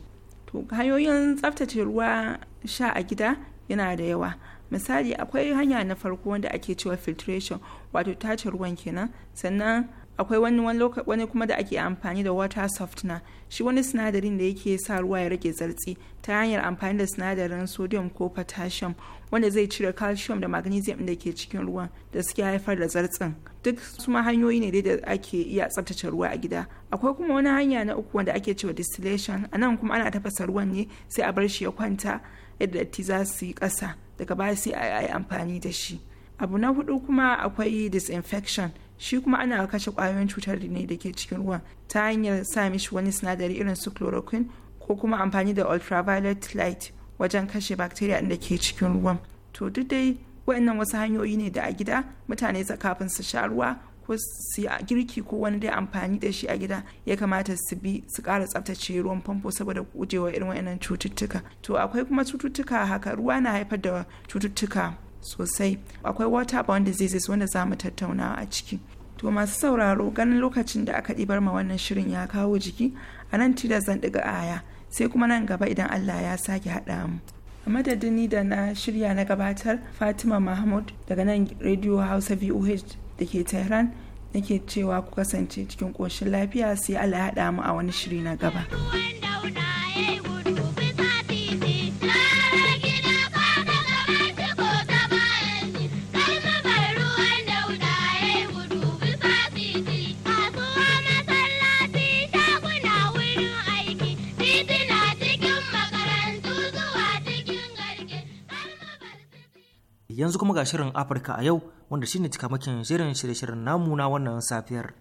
to hanyoyin tsaftace ruwa sha a gida yana da yawa misali akwai hanya na farko wanda ake cewa filtration wato tace ruwan kenan sannan akwai wani wani kuma da ake amfani da water softener shi wani sinadarin da yake sa ruwa ya rage zartsi ta hanyar amfani da sinadarin sodium ko potassium wanda zai cire calcium da magnesium da ke cikin ruwan da suke haifar da zartsin duk ma hanyoyi ne da ake iya tsaftace ruwa a gida akwai kuma wani hanya na uku wanda ake cewa distillation a nan kuma ana tafasa ruwan ne sai a bar shi ya kwanta yadda datti za su yi kasa daga baya sai a yi amfani da shi abu na hudu kuma akwai disinfection shi kuma ana kashe kwayoyin cutar ne da ke cikin ruwan ta hanyar sa mishi wani sinadari irin su chloroquine ko kuma amfani da ultraviolet light wajen kashe bacteria da ke cikin ruwan to duk dai wa'annan wasu hanyoyi ne da a gida mutane kafin su sha ruwa ko su girki ko wani dai amfani da shi a gida ya kamata su bi su kara tsaftace ruwan famfo saboda gujewa irin wa'annan cututtuka to akwai kuma cututtuka haka ruwa na haifar da cututtuka sosai akwai waterborne diseases wanda za mu tattauna a ciki to masu sauraro ganin lokacin da aka ɗibar ma wannan shirin ya kawo jiki a nan tida zan ɗiga aya sai kuma nan gaba idan allah ya sake haɗa mu a madadin ni da na shirya na gabatar fatima mahmud daga nan radio hausa voh da ke tehran nake cewa ku kasance cikin ƙoshin lafiya sai allah ya haɗa mu a wani shiri na gaba. yanzu kuma ga shirin Afirka a yau wanda shine cikamakin shirin shirye-shiryen namu na wannan safiyar.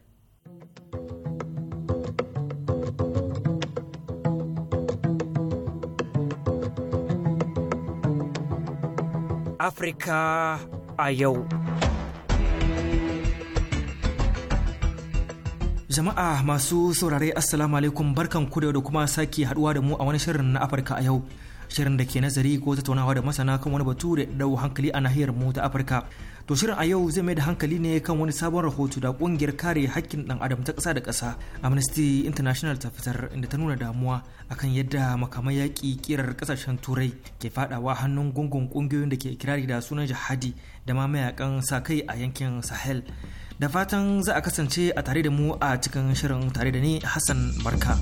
Afirka a yau. Jama'a masu saurare Assalamu alaikum barkan ku da kuma sake haduwa da mu a wani shirin na Afirka a yau. shirin da ke nazari ko tattaunawa da masana kan wani batu da dau hankali a nahiyar mu ta Afirka. To shirin a yau zai mai da hankali ne kan wani sabon rahoto da kungiyar kare hakkin dan adam ta ƙasa da ƙasa Amnesty International ta fitar inda ta nuna damuwa akan yadda makamai yaƙi kirar ƙasashen turai ke fadawa hannun gungun kungiyoyin da ke kirari da sunan jihadi da ma mayakan sa kai a yankin Sahel. Da fatan za a kasance a tare da mu a cikin shirin tare da ni Hassan Barka.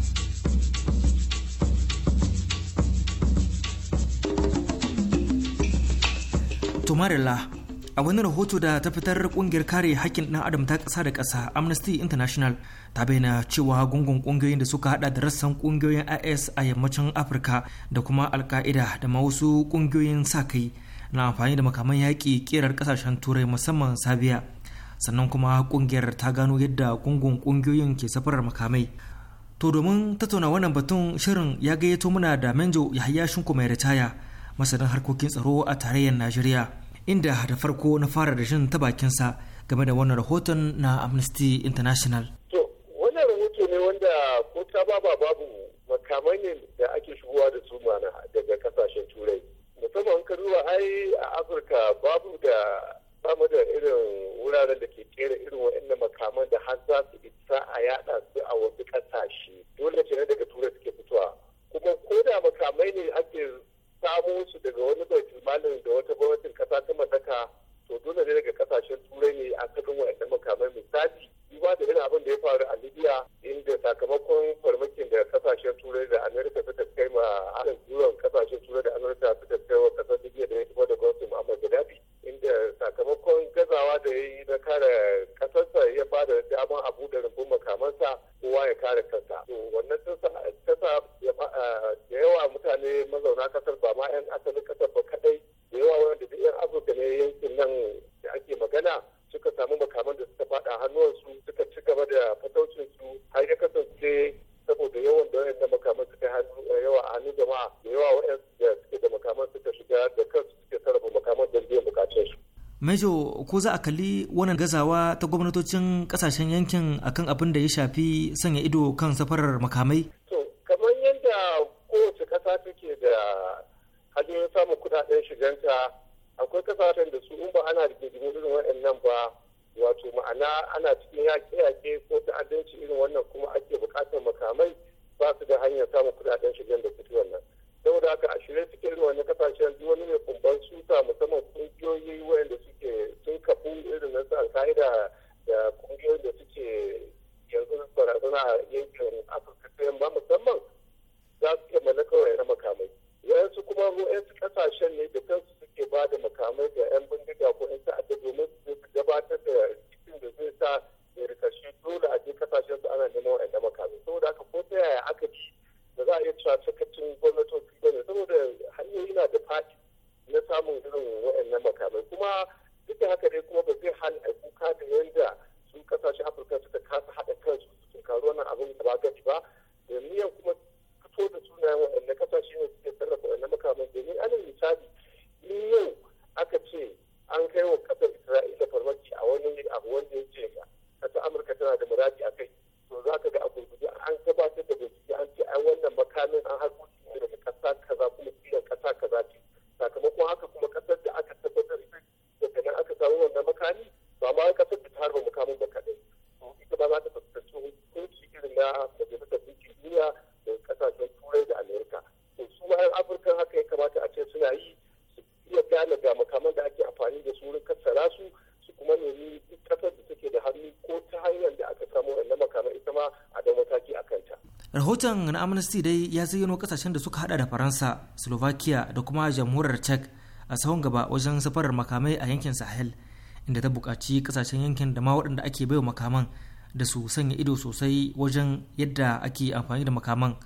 Tumarilla a wani rahoto da ta fitar kungiyar kare hakkin ɗan adam ta ƙasa da ƙasa amnesty international ta bayyana cewa gungun kungiyoyin da suka hada da rassan kungiyoyin is a yammacin afirka da kuma alka'ida da ma wasu kungiyoyin sa kai na amfani da makaman yaƙi ƙirar ƙasashen turai musamman sabiya sannan kuma kungiyar ta gano yadda gungun kungiyoyin ke safarar makamai to domin tattauna wannan batun shirin ya gayyato muna da menjo yahaya shinku mai ritaya masanin harkokin tsaro a tarayyar najeriya inda da farko na fara da jin ta bakinsa game da wannan rahoton na amnesty international to wannan rahoto ne wanda ko ta baba babu makamai ne da ake shigowa da su mana daga kasashen turai musamman ka duba ai a afirka babu da samu da irin wuraren da ke kera irin waɗannan makaman da har za su isa a yada su a wasu ƙasashe dole ne daga turai suke fitowa kuma ko da makamai ne ake samo su daga wani baitul malin da wata gwamnatin kasa ta mallaka to dole ne daga kasashen turai ne a cikin wa'annan makamai misali duba da irin abin da ya faru a libya inda sakamakon farmakin da kasashen turai da amerika suka ko za a kalli wannan gazawa ta gwamnatocin kasashen yankin akan abin da ya shafi sanya ido kan safarar makamai abu wanda yake na amnesty dai ya zayyano kasashen da suka hada da faransa slovakia da kuma jamhuriyar czech a sahun gaba wajen safarar makamai a yankin sahel inda ta bukaci kasashen yankin da ma waɗanda ake baiwa makaman da su sanya ido sosai wajen yadda ake amfani da makaman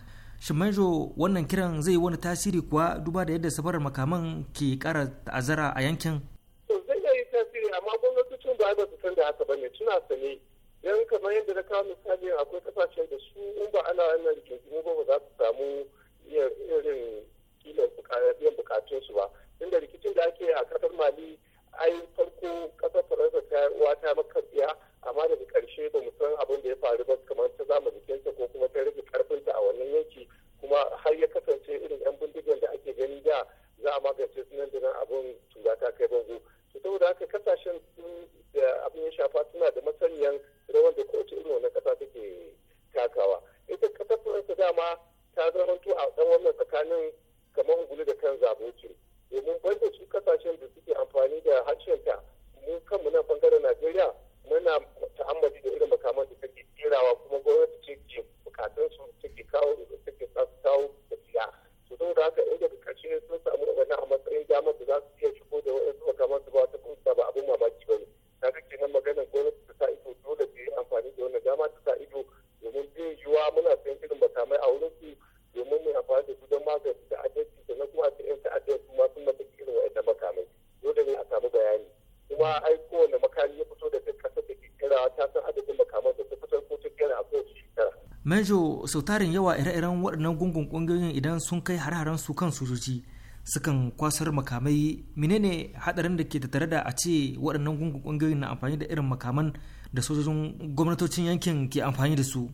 shimanjo wannan kiran zai wani tasiri kuwa duba da yadda safarar makaman ke kara ta'azara a yankin najo sau tarin yawa ire-iren waɗannan gungun ƙungiyoyin idan sun kai har-haren su kan sojoji sukan kwasar makamai menene hadarin da ke tattare da a ce waɗannan gungun ƙungiyoyin na amfani da irin makaman da sojojin gwamnatocin yankin ke amfani da su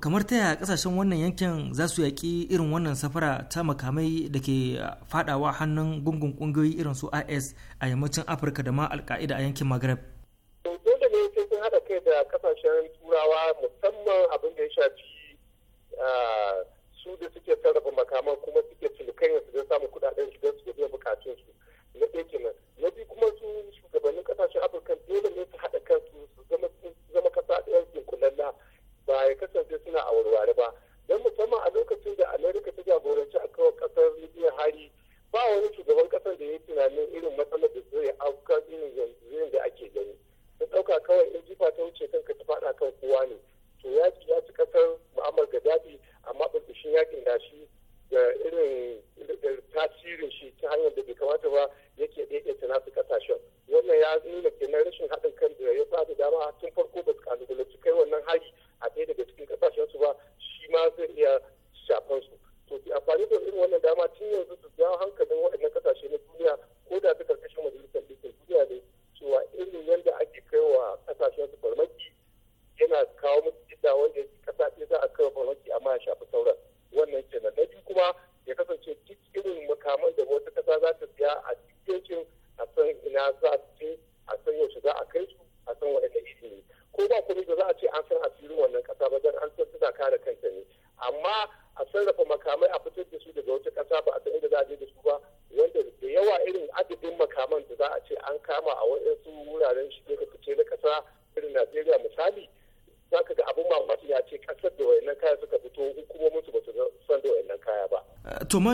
kamar ta yaya kasashen wannan yankin za su yaƙi irin wannan safara ta makamai da ke faɗawa hannun gungun ƙungiyoyi irin su is a yammacin afirka da ma alka'ida a yankin maghreb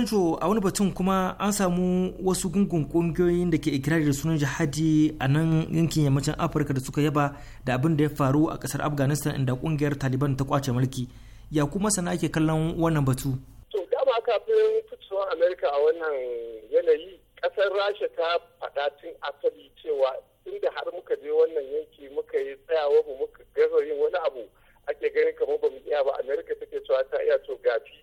Sancho a wani batun kuma an samu wasu gungun kungiyoyin da ke ikirari da sunan jihadi a nan yankin yammacin Afirka da suka yaba da abin da ya faru a kasar Afghanistan inda kungiyar Taliban ta kwace mulki. Ya kuma sana ake kallon wannan batu. To dama kafin fitowar Amerika a wannan yanayi kasar Rasha ta faɗa tun asali cewa inda har muka je wannan yanki muka yi tsayawa mu muka gaza yin wani abu ake ganin kamar ba mu iya ba Amerika take cewa ta iya to gafi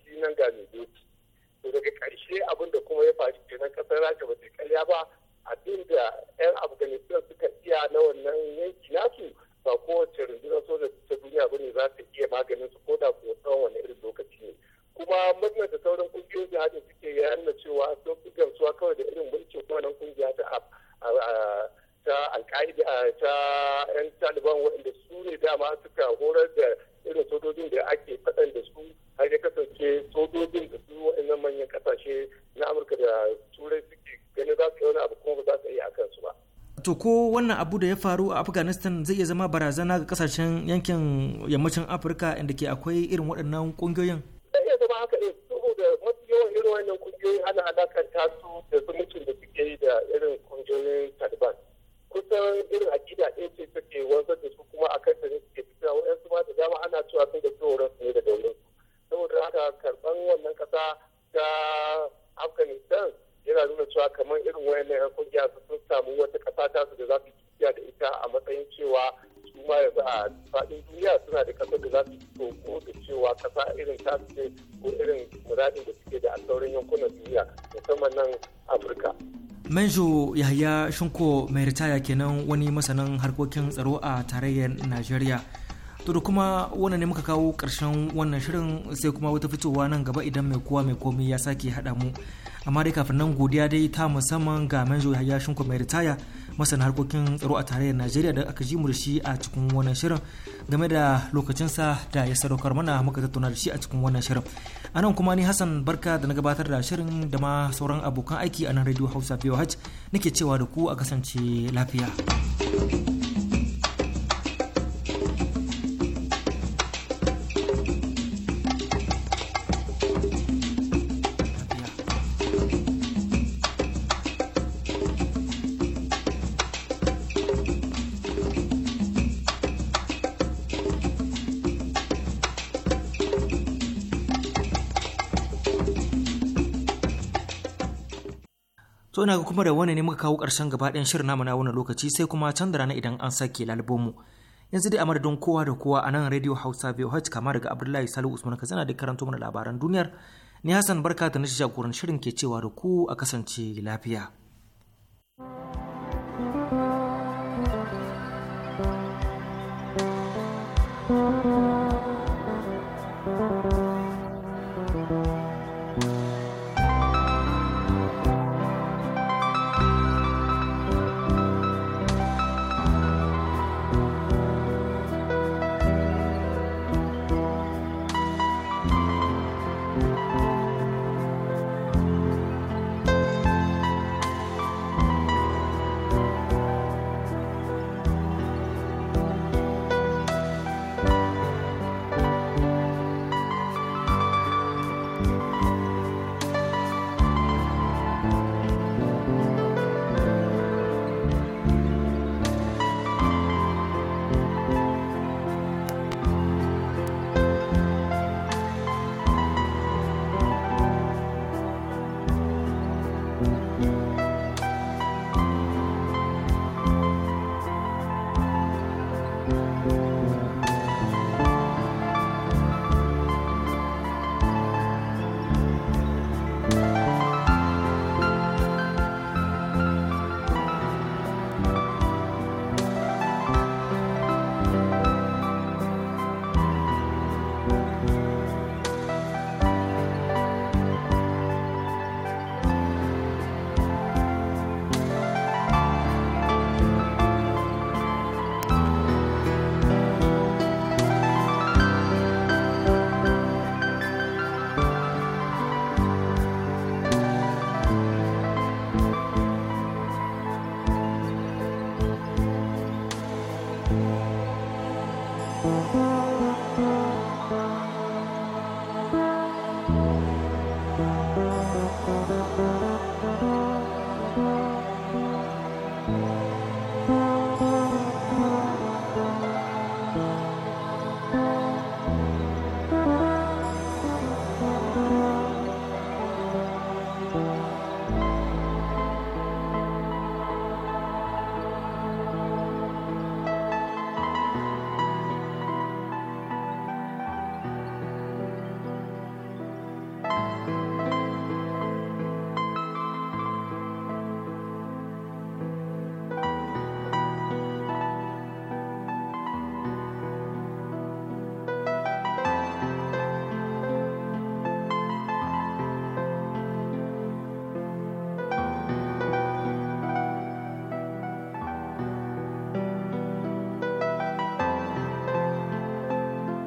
wannan abu da ya faru a afghanistan zai iya zama barazana ga kasashen yankin yammacin afirka inda ke akwai irin waɗannan ƙungiyoyin Manjo Yahya Shinko mai ritaya kenan wani masanin harkokin tsaro a tarayyar Najeriya. To da kuma wannan ne muka kawo karshen wannan shirin sai kuma wata fitowa nan gaba idan mai kowa mai komi ya sake haɗa mu. Amma dai kafin nan godiya dai ta musamman ga Manjo Yahya Shinko mai ritaya masanin harkokin tsaro a tarayyar Najeriya da aka ji mu da shi a cikin wannan shirin. game da lokacinsa da ya sadaukar mana muka tattauna da shi a cikin wannan shirin a nan kuma ni hassan barka da na gabatar da shirin da ma sauran abokan aiki a nan radio hausa voh nake cewa da ku a kasance lafiya muna ga kuma da wani ne muka kawo ƙarshen gaba ɗayan shirin namu na wannan lokaci sai kuma can da rana idan an sake lalbomu yanzu dai a madadin kowa da kowa a nan radio hausa VOH kama daga abdullahi salu usman ka zana da karanto mana labaran duniyar ni hassan barka da na jagoran shirin ke cewa da ku a kasance lafiya.